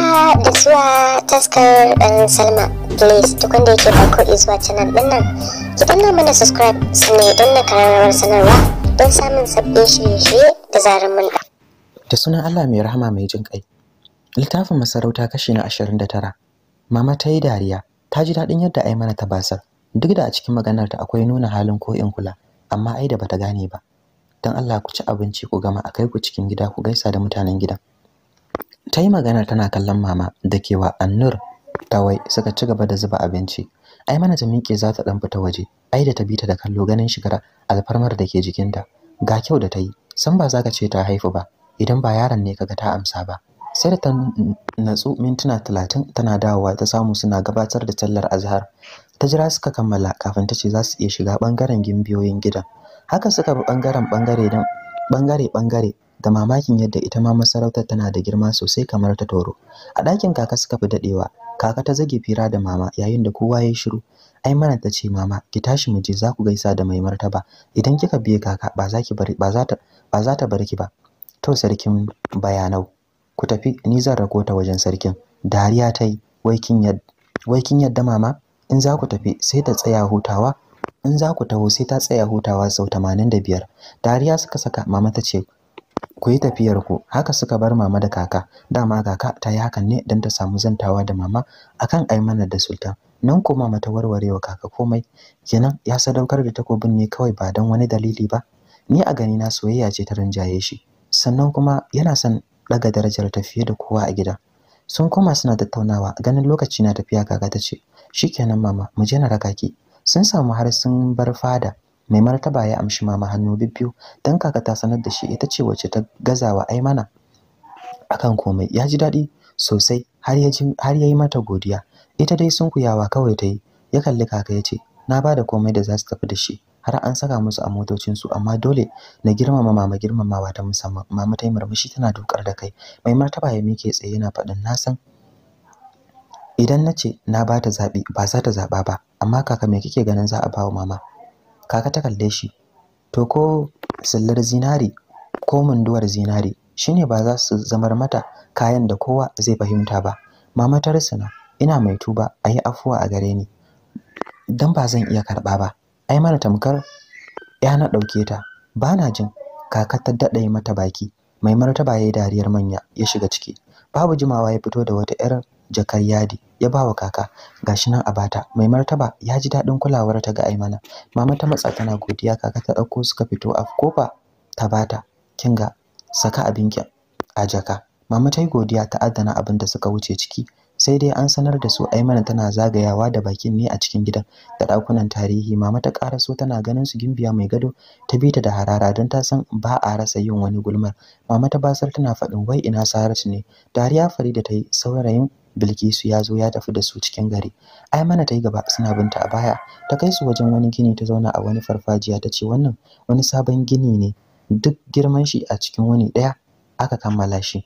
haka da zuwa taskar ɗan salma please duk wanda yake farko izuwa canal ɗin nan ki danna mana subscribe sannan don na kararrawar sanarwa don samun sabbin shirye-shirye da zarar mun da sunan allah mai rahama mai jin kai littafin masarauta kashi na ashirin da tara mama ta yi dariya ta ji daɗin yadda ai mana ta basar duk da a cikin maganar ta akwai nuna halin ko in kula amma ai da bata gane ba don allah ku ci abinci ku gama a kai ku cikin gida ku gaisa da mutanen gidan ta yi magana tana kallon mama da kewa annur tawai suka ci gaba da zuba abinci ai mana ta miƙe za ta ɗan fita waje ai da ta bi ta da kallo ganin shigar alfarmar da ke jikinta ga kyau da ta yi san ba za ka ce ta haifu ba idan ba yaron ne kaga ta amsa ba sai da ta natsu mintuna talatin tana dawowa ta samu suna gabatar da tallar azhar ta jira suka kammala kafin ta ce za su iya shiga ɓangaren gimbiyoyin gidan haka suka bi ɓangaren ɓangare don ɓangare ɓangare da mamakin yadda ita ma masarautar tana da girma sosai kamar ta toro a ɗakin kaka suka fi daɗewa kaka ta zage fira da mama yayin da kowa ya yi shiru ai mana ta ce mama ki tashi mu je za ku gaisa da mai martaba idan kika biye kaka ba za ba ta ba za ta bar ki ba to sarkin bayanau ku tafi ni zan rako ta wajen sarkin dariya ta yi wai kin yadda wai kin yadda mama in za ku tafi sai ta tsaya hutawa in za ku taho sai ta tsaya hutawa sau 85 dariya suka saka mama ta ce ku yi ku haka suka bar mama da kaka dama kaka ta yi hakan ne don ta samu zantawa da mama akan aimana da sultan nan ko mama ta warwarewa kaka komai kenan ya sadaukar da takobin ne kawai ba don wani dalili ba ni a gani na soyayya ce ta rinjaye shi sannan kuma yana son daga darajar ta fiye da kowa a gida sun koma suna tattaunawa ganin lokaci na tafiya kaka ta ce shikenan mama mu je na raka ki sun samu har sun bar fada mai martaba ya amshi mama hannu bibbiyu dan kaka ta sanar da shi ita ce wacce ta gazawa ai mana. akan komai ya ji daɗi sosai har ya har yayi mata godiya ita dai sun kuyawa kawai ta yi ya kalli kaka ya ce na bada komai da za su tafi da shi har an saka musu a motocinsu amma dole na girmama mama girmamawa ta musamman mama ta yi murmushi tana dukar da kai mai martaba ya mike tsaye yana faɗin nasan. idan na ce na bata ta zaɓi ba za ta zaɓa ba amma kaka me kike ganin za a ba mama kaka ta kalle shi to ko sillar zinari ko munduwar zinari shine ba za su zamar mata kayan da kowa zai fahimta ba mama ta rusuna ina mai tuba ayi afuwa a gare ni Dan ba zan iya karɓa ba ai mana tamkar ya na ɗauke ta Bana jin kaka ta daɗe mata baki mai martaba ya dariyar manya ya shiga ciki babu jimawa ya fito da wata 'yar jakar yadi ya bawa kaka gashi nan a bata mai martaba ya ji daɗin kulawar ta ga Aimana mama ta matsa tana godiya kaka ta ɗauko suka fito a kofa ta bata kinga saka abin ki a jaka mama ta yi godiya ta addana abin da suka wuce ciki sai dai an sanar da su Aimana tana zagayawa da bakin ne a cikin gidan da ɗakunan tarihi mama ta so tana ganin su gimbiya mai gado ta bi ta da harara don ta san ba a rasa yin wani gulmar mama ta basar tana faɗin wai ina Saratu ne dariya Farida ta yi saurayin Bilkisu ya zo ya tafi da su cikin gari. Ai mana ta yi gaba suna binta a baya. Ta kai su wajen wani gini ta zauna a wani farfajiya ta ce wannan wani sabon gini ne duk girman shi a cikin wani ɗaya aka kammala shi.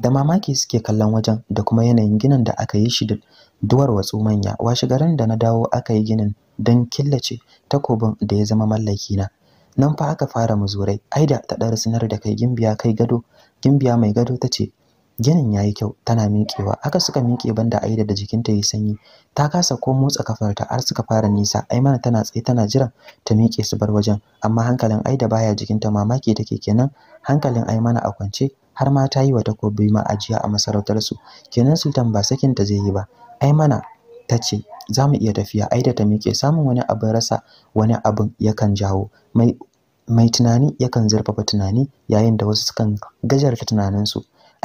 Da mamaki suke kallon wajen da kuma yanayin ginin da aka yi shi da duwar watsu manya. Washi garin da na dawo aka yi ginin don killace takobin da ya zama mallaki na. Nan fa aka fara muzurai. Aida ta ɗar sanar da kai gimbiya kai gado, gimbiya mai gado ta ce ginin yayi kyau tana miƙewa aka suka miƙe banda aida da jikinta yayi sanyi ta kasa ko motsa kafarta har suka fara nisa aimana tana tsaye tana jiran ta miƙe su bar wajen amma hankalin aida baya jikinta mamaki take kenan hankalin aimana a kwance har ma ta yi wa takobi ma ajiya a masarautar su kenan sultan ba sakin ta zai yi ba aimana ta ce za mu iya tafiya aida ta miƙe samun wani abin rasa wani abin yakan jawo mai mai tunani yakan zurfafa tunani yayin da wasu sukan gajarta tunaninsu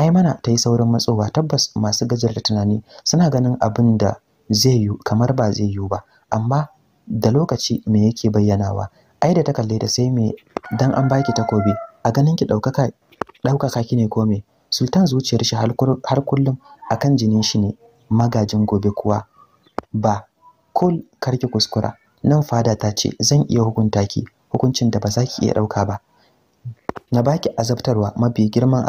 mana ta yi saurin matsowa tabbas masu gajarta tunani suna ganin abin da zai yiwu kamar ba zai yiwu ba amma da lokaci me yake bayyanawa ai da ta kalle da sai me dan an baki takobi a ganin ki daukaka daukaka ki ne ko me sultan zuciyar shi har kullum akan jinin shi ne magajin gobe kuwa ba kul karki kuskura nan fada ta ce zan iya hukunta ki hukuncin da ba za ki iya dauka ba na baki azabtarwa mafi girman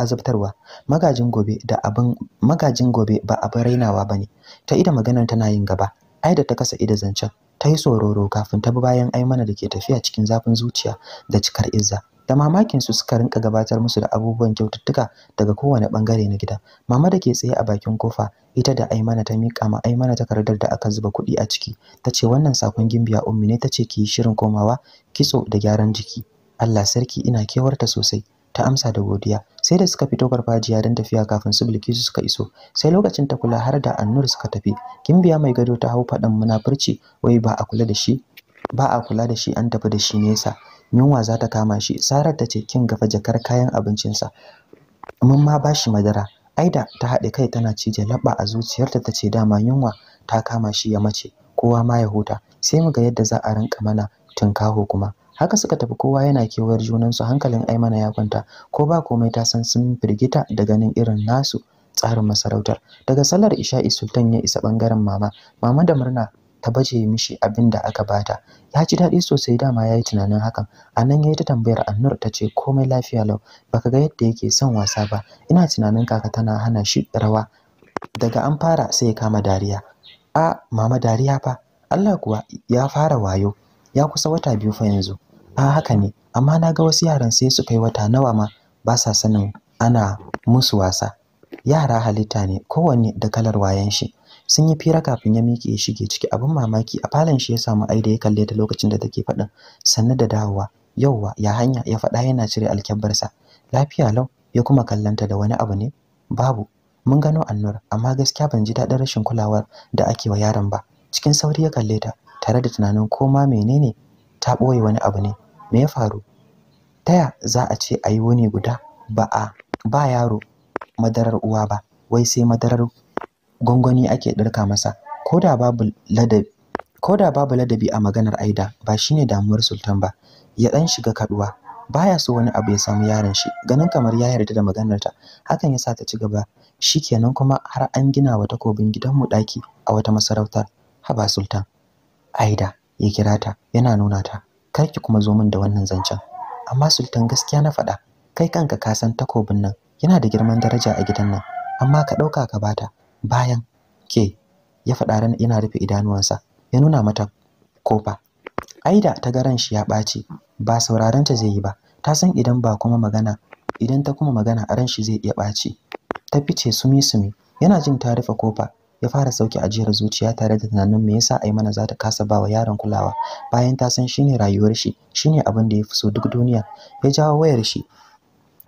azabtarwa magajin gobe da abin magajin gobe ba abin rainawa bane ta ida maganar tana yin gaba ai da ta kasa ida zancen ta yi sororo kafin ta bi bayan aimana da ke tafiya cikin zafin zuciya da cikar izza da mamakin su suka rinka gabatar musu da abubuwan kyaututtuka daga kowane bangare na gida mama da ke tsaye a bakin kofa ita da aimana ta mika ma aimana takardar da aka zuba kuɗi a ciki ta ce wannan sakon gimbiya ummi ne ta ce ki shirin komawa kitso da gyaran jiki Allah sarki ina kewarta sosai ta amsa da godiya sai da suka fito farfajiya don tafiya kafin su Bilkisu suka iso sai lokacin ta kula har da Annur suka tafi Gimbiya mai gado ta hau faɗan munafurci wai ba a kula da shi ba a kula da shi an tafi da shi nesa yunwa za ta kama shi Sarar ta ce kin gafa jakar kayan abincinsa mun ma ba shi madara Aida ta haɗe kai tana cije laɓa a zuciyarta ta ce dama yunwa ta kama shi ya mace kowa ma ya huta sai mu ga yadda za a rinka mana tunkaho kuma haka suka tafi kowa yana kewar junansu hankalin aimana ya kwanta ko ba komai ta san sun firgita da ganin irin nasu tsarin masarautar daga sallar isha'i sultan ya isa bangaren mama mama da murna ta baje mishi abin da aka bata ya ji daɗi sosai dama ya yi tunanin hakan a nan ya yi ta tambayar annur ta ce komai lafiya lau baka ga yadda yake son wasa ba ina tunanin kaka tana hana shi rawa daga an fara sai ya kama dariya a mama dariya fa Allah kuwa ya fara wayo ya kusa wata biyu fa yanzu a haka ne amma na ga wasu yaran sai su kai wata nawa ma ba sa sanin ana musu wasa yara halitta ne kowanne da kalar wayan shi sun yi fira kafin ya miƙe ya shige ciki abin mamaki a falon shi ya samu aida ya kalle ta lokacin da take faɗin sannu da dawowa yauwa ya hanya ya faɗa yana cire alkyabbarsa lafiya lau ya kuma kallanta da wani abu ne babu mun gano annur amma gaskiya ban ji daɗin rashin kulawar da ake wa yaron ba cikin sauri ya kalle ta tare da tunanin ko ma menene ta ɓoye wani abu ne me ya faru taya za a ce a yi wani guda ba a ba yaro madarar uwa ba wai sai madarar gwangwani ake ɗarka masa ko da babu ladabi a maganar aida ba shine damuwar sultan ba ya ɗan shiga kaduwa baya so wani abu ya samu yaron shi ganin kamar ya yarda da maganarta hakan ya sa ta ci gaba kenan kuma har an gina wa takobin gidanmu daki a wata masarautar haba sultan aida ya kira ta yana nuna ta kar ki kuma zo min da wannan zancen amma sultan gaskiya na faɗa kai kanka ka san takobin nan yana da girman daraja a gidan nan amma ka ɗauka ka bata bayan ke ya faɗa ran ina rufe idanuwansa ya nuna mata kofa aida ta ga ran shi ya ɓaci ba sauraron ta zai yi ba ta san idan ba kuma magana idan ta kuma magana a ran shi zai iya ɓaci ta fice sumi sumi yana jin ta rufe kofa ya fara sauke ajiyar zuciya tare da tunanin me yasa Aimana za ta kasa wa yaron kulawa bayan ta san shine rayuwar shi shine abin da ya fi so duk duniya ya jawo wayar shi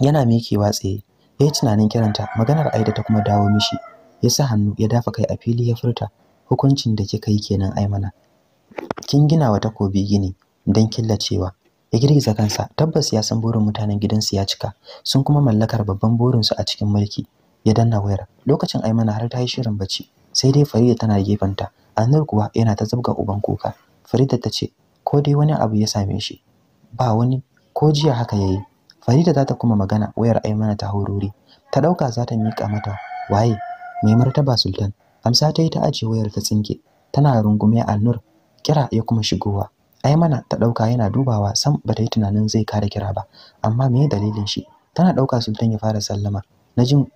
yana mikewa tsaye yayi tunanin kiranta maganar Aida ta kuma dawo mishi ya sa hannu ya dafa kai a fili ya furta hukuncin da kika yi kenan Aimana kin gina wa takobi gini don killacewa ya girgiza kansa tabbas ya san burin mutanen gidansu ya cika sun kuma mallakar babban burinsu a cikin mulki ya danna wayar lokacin ai mana har ta yi shirin bacci sai dai farida tana gefen ta, anur kuwa yana ta zabga uban kuka farida ta ce ko dai wani abu ya same shi ba wani ko jiya haka yayi farida za ta kuma magana wayar ai mana ta horori ta dauka za ta miƙa mata waye mai martaba sultan amsa ta yi ta ajiye wayar ta tsinke tana rungume annur kira ya kuma shigowa Ai mana, ta dauka yana dubawa sam ta yi tunanin zai kare kira ba amma me dalilin shi tana dauka sultan ya fara sallama na jin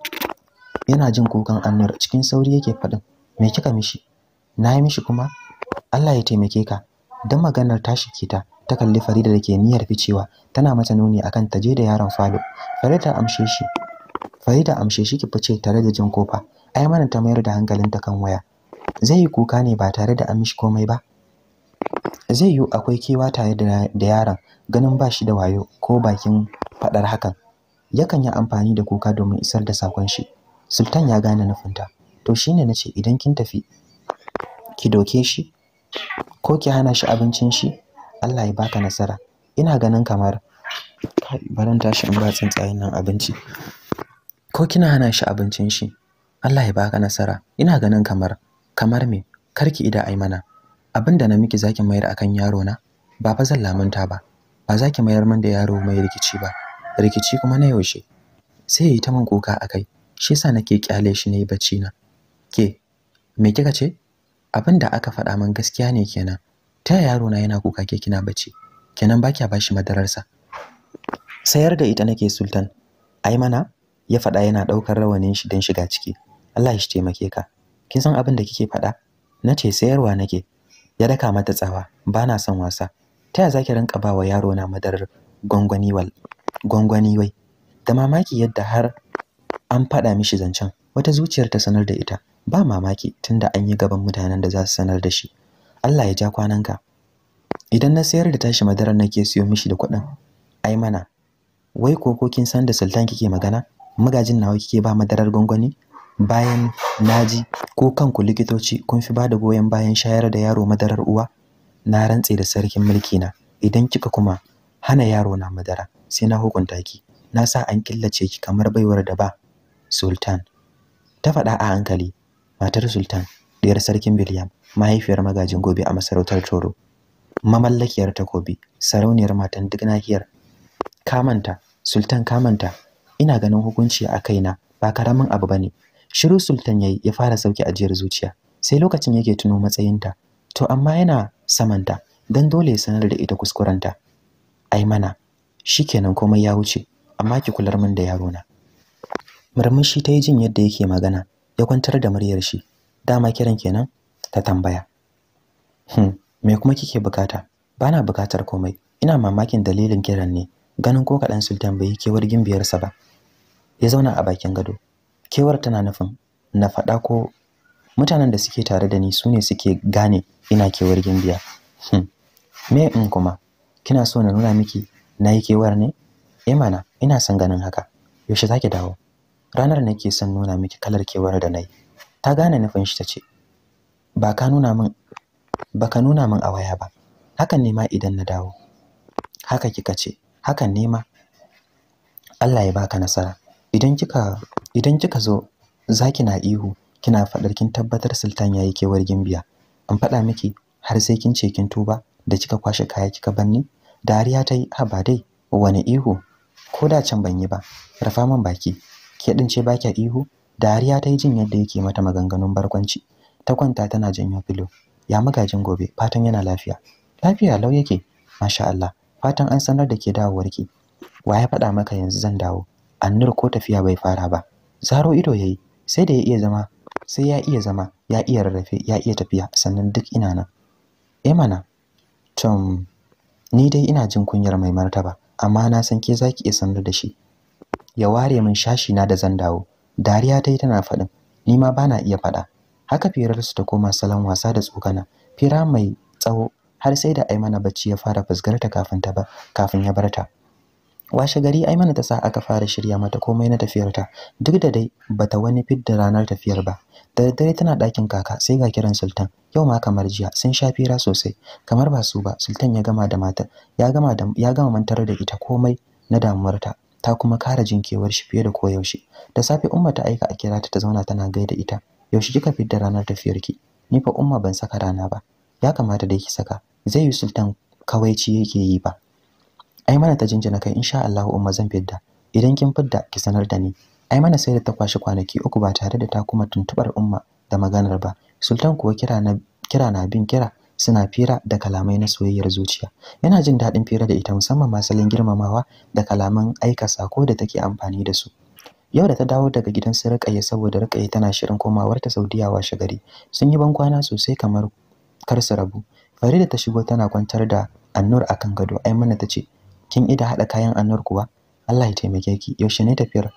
yana jin kukan Annur cikin sauri yake faɗin me kika mishi na yi mishi kuma Allah ya taimake ka dan maganar ta shike ta kalli Farida da ke niyyar ficewa tana mata nuni akan ta je da yaron falo Farida amshe shi Farida amshe shi ki fice tare da jin kofa ai mana ta mayar da hankalinta kan waya zai yi kuka ne ba tare da amshi komai ba zai yi akwai kewa tare da yaron ganin ba shi da wayo ko bakin faɗar hakan yakan yi amfani da kuka domin isar da sakon shi sultan ya gane nufinta to shine nace idan kin tafi ki doke shi ko ki hana shi abincin shi Allah ya baka nasara ina ganin kamar baran tashi in ba tsuntsayen nan abinci ko kina hana shi abincin shi Allah ya baka nasara ina ganin kamar kamar me karki ida ai mana abinda na miki zaki mayar akan yaro na ba fa zan lamunta ba ba zaki mayar min da yaro mai rikici ba rikici kuma na yaushe sai yi ta min kuka akai shi yasa nake kyale shi ne bacci na ke me kika ce abin da aka faɗa min gaskiya ne kenan ta yaro na yana kuka ke kina bacci kenan ba kya bashi madararsa sayar da ita nake sultan ai mana ya faɗa yana ɗaukar rawanin shi don shiga ciki Allah ya shi taimake ka kin san abin da kike faɗa na ce sayarwa nake ya daka mata tsawa ba na son wasa ta ya zaki rinka ba wa yaro na madarar gwangwani wai da mamaki yadda har an faɗa mishi zancen wata zuciyar ta sanar da ita ba mamaki tunda an yi gaban mutanen da za su sanar da shi Allah ya ja kwananka idan na sayar da tashi madarar nake siyo mishi da kuɗin ai mana wai koko kin san da sultan kike magana magajin nawa kike ba madarar gwangwani bayan naji ko kanku likitoci kun fi bada goyon bayan shayar da yaro madarar uwa na rantse da sarkin mulki na idan kika kuma hana yaro na madara sai na hukunta ki na sa an killace ki kamar baiwar da ba Sultan. Ta faɗa a hankali, matar Sultan, ɗiyar sarkin Biliyam, mahaifiyar magajin gobe a masarautar Toro. Mamallakiyar takobi, sarauniyar matan duk nahiyar. Kamanta, Sultan kamanta, ina ganin hukunci a kaina ba karamin abu bane. Shiru Sultan yayi ya fara sauki ajiyar zuciya, sai lokacin yake tuno matsayinta. To amma yana samanta, dan dole ya sanar da ita kuskurenta. Ai mana, shi kenan komai ya wuce, amma ki kular min da yaro na. murmushi ta yi jin yadda yake magana ya kwantar da muryar shi dama kiran kenan ta tambaya hmm me kuma kike bukata bana bukatar komai ina mamakin dalilin kiran ne ganin ko kaɗan sultan bai yi kewar gimbiyarsa ba ya zauna a bakin gado kewar tana nufin na faɗa ko mutanen da suke tare da ni sune suke gane ina kewar gimbiya hmm. me in kuma kina so na nuna miki na yi kewar ne eh ina son ganin haka yaushe zaki dawo ranar nake son nuna miki kalar kewar da nayi ta gane nufin shi tace ba ka nuna min ba ka nuna min a waya ba hakan ne ma idan na dawo haka kika ce hakan ne ma Allah ya baka nasara idan kika idan kika zo zaki na ihu kina fadar kin tabbatar sultan yayi kewar gimbiya an fada miki har sai kin ce kin tuba da kika kwashe kaya kika banni dariya ta yi ha ba dai wani ihu ko da can ban yi ba rafa min baki ke din ce baki ihu dariya ta yi jin yadda yake mata maganganun barkwanci ta kwanta tana janyo filo ya magajin gobe fatan yana lafiya lafiya lau yake masha Allah fatan an sanar da ke dawowarki wa ya faɗa maka yanzu zan dawo annur ko tafiya bai fara ba zaro ido yayi sai da ya iya zama sai ya iya zama ya iya rarrafe ya iya tafiya sannan duk ina nan eh mana tom ni dai ina jin kunyar mai martaba amma na san ke zaki iya sanar da shi ya ware min shashi na da zan dawo dariya ta yi tana faɗin ni ma bana iya faɗa haka firarsu ta koma salon wasa da tsokana fira mai tsawo har sai da aimana bacci ya fara fusgarta kafin ta ba kafin ya barta washe gari aimana ta sa aka fara shirya mata komai na tafiyarta duk da dai bata wani fidda ranar tafiyar ba da daddare tana ɗakin kaka sai ga kiran sultan yau ma kamar jiya sun sha fira sosai kamar ba su ba sultan ya gama da matar ya gama mantar da ita komai na damuwarta ta kuma kara jinkewar shi fiye da koyaushe da safe umma ta aika a kira ta ta zauna tana gaida ita yaushe kika fitar ranar tafiyar ki ni fa umma ban saka rana ba ya kamata dai ki saka zai yi sultan kawaici yake yi ba ai mana ta jinjina kai insha Allah umma zan fidda idan kin fidda ki sanar da ni ai mana sai da ta kwashi kwanaki uku ba tare da ta kuma tuntubar umma da maganar ba sultan kuwa kira na kira na bin kira suna fira da kalamai na soyayyar zuciya yana jin daɗin fira da ita musamman masalin girmamawa da kalaman aika sako da take amfani da su yau da ta dawo daga gidan su rikaye saboda rikaye tana shirin komawar ta saudiya washe gari sun yi bankwana sosai kamar kar su rabu da ta shigo tana kwantar da annur akan gado ai mana ta ce kin ida haɗa kayan annur kuwa allah ya taimake ki yaushe ne tafiyar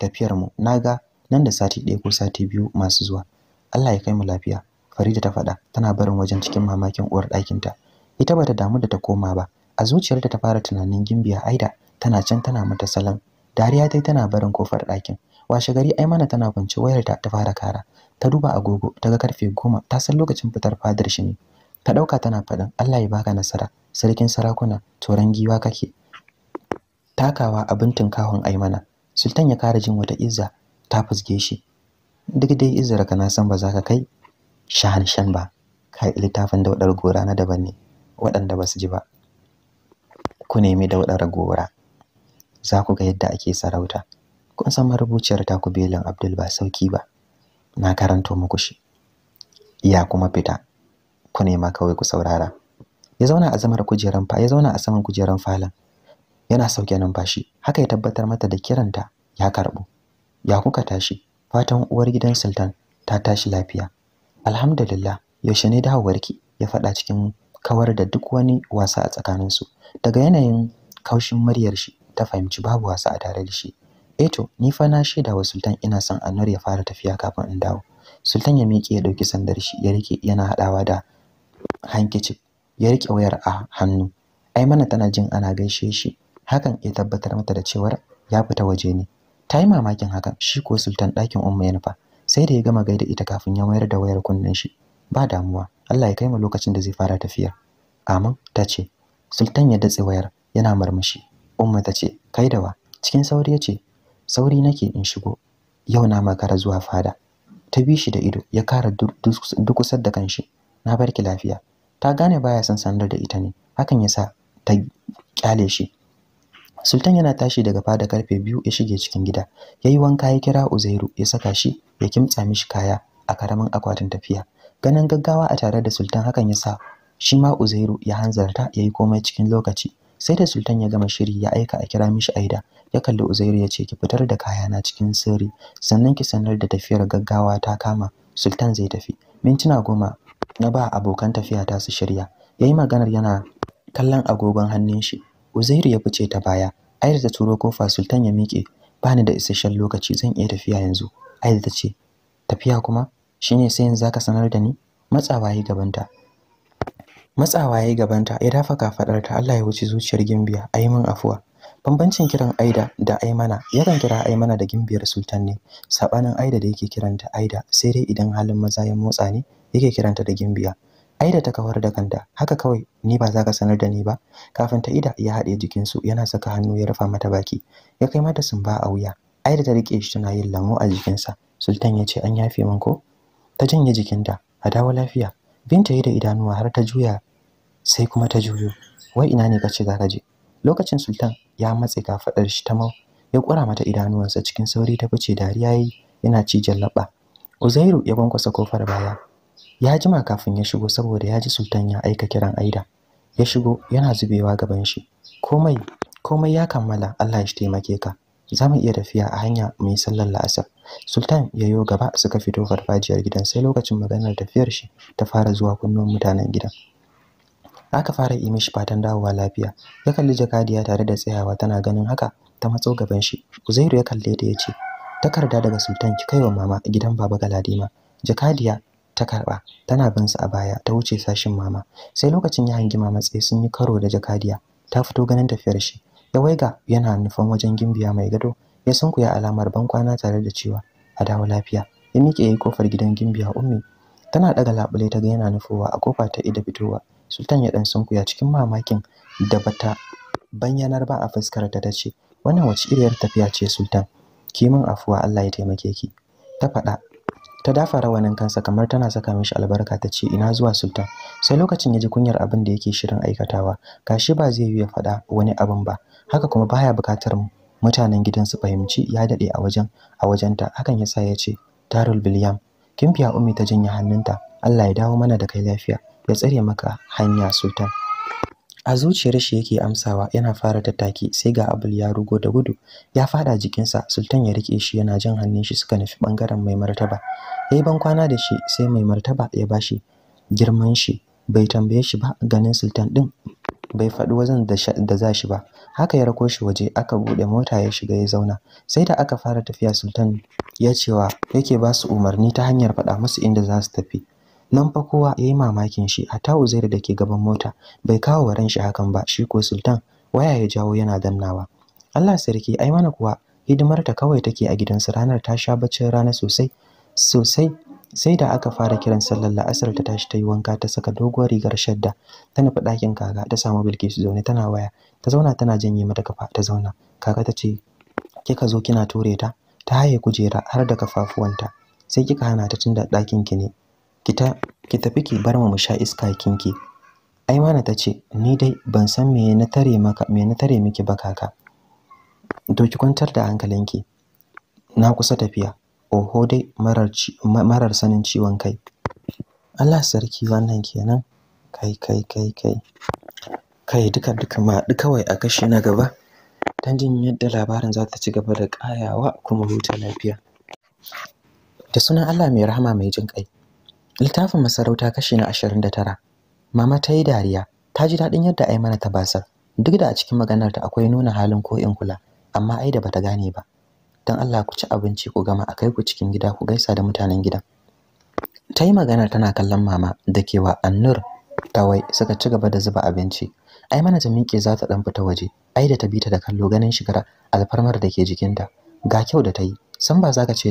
tafiyar mu ga nan da sati ɗaya ko sati biyu masu zuwa allah ya kai mu lafiya Farida ta faɗa tana barin wajen cikin mamakin uwar ɗakinta. Ita bata damu da ta koma ba. A zuciyarta ta fara tunanin Gimbiya Aida tana can tana mata salon. Dariya dai tana barin kofar ɗakin. Washe gari Aimana tana kwance wayarta ta fara kara. Ta duba agogo ta ga karfe goma ta san lokacin fitar fadar shi ne. Ta ɗauka tana faɗin Allah ya baka nasara sarkin sarakuna toran giwa kake. Takawa abin tinkahon Aimana. Sultan ya kara jin wata izza ta fusge shi. Duk dai izzar ka na san ba za ka kai shan ba kai littafin daudar gora na daban ne waɗanda ba su ji ba ku nemi daudar gora za ku ga yadda ake sarauta kun san marubuciyar taku belin abdul ba sauki ba na karanto muku shi ya kuma fita ku nema kawai ku saurara ya zauna a zamar kujeran fa ya zauna a saman kujeran falon yana sauke numfashi haka ya tabbatar mata da kiranta ya karbu ya kuka tashi fatan uwar gidan sultan ta tashi lafiya alhamdulillah yaushe ne da dawowarki ya faɗa cikin kawar da duk wani wasa a tsakaninsu daga yanayin kaushin muryar shi ta fahimci babu wasa a tare da shi eto eh ni fa na shaida wa sultan ina son anwar ya fara tafiya kafin in dawo sultan ya miƙe ya ɗauki sandar shi ya rike yana haɗawa da hankici ya rike wayar a hannu ai mana tana jin ana gaishe shi hakan ya tabbatar mata da cewar ya fita waje ne ta yi mamakin hakan shi ko sultan ɗakin umma ya nufa sai da ya gama gaida ita kafin ya mayar da wayar kunnen shi ba damuwa Allah ya kai mu lokacin da zai fara tafiya amin ta ce sultan ya datse wayar yana murmushi umma ta ce kai dawa cikin sauri ya ce sauri nake in shigo yau na makara zuwa fada ta bi shi da ido ya kara dukusar da kanshi na barki lafiya ta gane baya son sanar da ita ne hakan yasa ta kyale shi Sultan yana tashi daga fada karfe biyu ya shige cikin gida. Ya yi wanka ya kira Uzairu ya saka shi ya kimtsa mishi kaya a karamin akwatin tafiya ganin gaggawa a tare da sultan hakan ya sa shi ma uzairu ya hanzarta ya yi komai cikin lokaci sai da sultan ya gama shiri ya aika a kira mishi aida ya kalli uzairu ya ce ki fitar da kayana cikin sirri sannan ki sanar da tafiyar gaggawa ta kama sultan zai tafi mintuna goma na ba abokan tafiya ta su shirya ya yi maganar yana kallon agogon hannun shi uzairu ya fice ta baya aida ta turo kofa sultan ya miƙe bani da isasshen lokaci zan iya tafiya yanzu Aida ta ce, tafiya kuma shine sai yanzu zaka sanar da ni? Matsawa yayi gabanta. Matsawa gabanta ya dafa ta Allah ya wuce zuciyar Gimbiya ayi min afuwa. Bambancin kiran Aida da Aimana yakan kira Aimana da Gimbiyar Sultan ne sabanin Aida da yake kiranta Aida sai dai idan halin maza ya motsa ne yake kiranta da Gimbiya. Aida ta kawar da kanta, haka kawai ni ba za ka sanar da ni ba. Kafin ta ida ya haɗe jikinsu yana saka hannu ya rufa mata baki, ya kai mata sumba a wuya. ai da ta rike shi tana yin lamo a jikinsa sultan ya ce an yafe min ko ta janye jikinta a dawo lafiya binta yi da idanuwa har ta juya sai kuma ta juyo wai ina ne ka ce zaka je lokacin sultan ya matse kafaɗar shi ta mau ya kura mata idanuwansa cikin sauri ta fice dariya yi yana cijin jallaba uzairu ya kwankwasa kofar baya ya jima kafin ya shigo saboda ya ji sultan ya aika kiran aida ya shigo yana zubewa gaban shi komai komai ya kammala Allah ya taimake ka za mu iya tafiya a hanya mai sallar la'asar sultan ya yi gaba suka fito farfajiyar gidan sai lokacin maganar tafiyar shi ta fara zuwa kunnuwan mutanen gidan aka fara yi mishi fatan dawowa lafiya ya kalli jakadiya tare da tsayawa tana ganin haka ta matso gaban shi uzairu ya kalle ta ya ce takarda daga sultan ki kaiwa mama gidan baba galadima jakadiya ta karba tana bin su a baya ta wuce sashin mama sai lokacin ya hangi mama tsaye sun yi karo da jakadiya ta fito ganin tafiyar shi yawaiga waiga yana nufan wajen gimbiya mai gado ya sunkuya alamar bankwana tare da cewa a dawo lafiya ya miƙe yi kofar gidan gimbiya ummi tana daga labule ta ga yana nufowa a kofa ta ida fitowa sultan ya dan sunkuya cikin mamakin da bata bayyanar ba a fuskar ta ce. wannan wace iriyar tafiya ce sultan Ki min afuwa Allah ya taimake ki ta faɗa ta dafa rawanin kansa kamar tana saka mishi albarka ta ce ina zuwa sultan sai lokacin ya ji kunyar abin da yake shirin aikatawa gashi ba zai yi ya faɗa wani abin ba haka kuma baya bukatar mutanen gidan su fahimci ya dade a wajen a wajenta hakan yasa ya ce 'Tarul Bilyam kimfiya ummi ta jinya hannunta Allah ya dawo mana da kai lafiya ya tsare maka hanya sultan a zuciyar shi yake amsawa yana fara tattaki sai ga abul ya rugo da gudu ya fada jikinsa sultan ya rike shi yana jan hannun shi suka nufi bangaren mai martaba yayi ban kwana da shi sai mai martaba ya bashi girman shi bai tambaye shi ba ganin sultan din bai faɗi wajen da za shi ba haka ya rako shi waje aka buɗe mota ya shiga ya zauna sai da aka fara tafiya sultan ya cewa yake ba su umarni ta hanyar faɗa musu inda za su tafi nan fa kowa ya yi mamakin shi a hatta uzair da ke gaban mota bai kawo wa ran shi hakan ba shi ko sultan waya ya jawo yana dannawa Allah sarki ai mana kuwa hidimar ta kawai take a gidansu ranar ta sha baccin rana sosai sosai sai da aka fara kiran sallar la'asar ta tashi ta yi wanka ta saka doguwar rigar shadda ta nufi ɗakin kaka ta samu bilkisu zaune tana waya ta zauna tana janye mata kafa ta zauna kaka ta ce kika zo kina ture ta ta haye kujera har da kafafuwanta sai kika hana ta tunda ɗakin ki ne kita ki tafi ki bar mu mu sha iska kinki ai mana ta ce ni dai ban san me na tare maka me na tare miki ba kaka to ki kwantar da hankalinki na kusa tafiya oho dai marar sanin ciwon kai Allah sarki wannan kenan kai kai kai kai kai duka duka ma kawai a kashi na gaba don jin yadda labarin za ta ci gaba da kayawa kuma huta lafiya da sunan Allah mai rahama mai jin kai littafin masarauta kashi na 29 mama ta yi dariya ta ji daɗin yadda ai mana ta basar duk da a cikin maganarta, akwai nuna halin ko in kula amma ai da bata gane ba don Allah ku ci abinci ku gama a kai ku cikin gida ku gaisa da mutanen gida. ta yi magana tana kallon mama da kewa annur tawai suka ci gaba da zuba abinci ai mana ta miƙe za ta ɗan fita waje ai da ta bi ta da kallo ganin shigar alfarmar da ke jikinta ga kyau da ta yi san ba za ka ce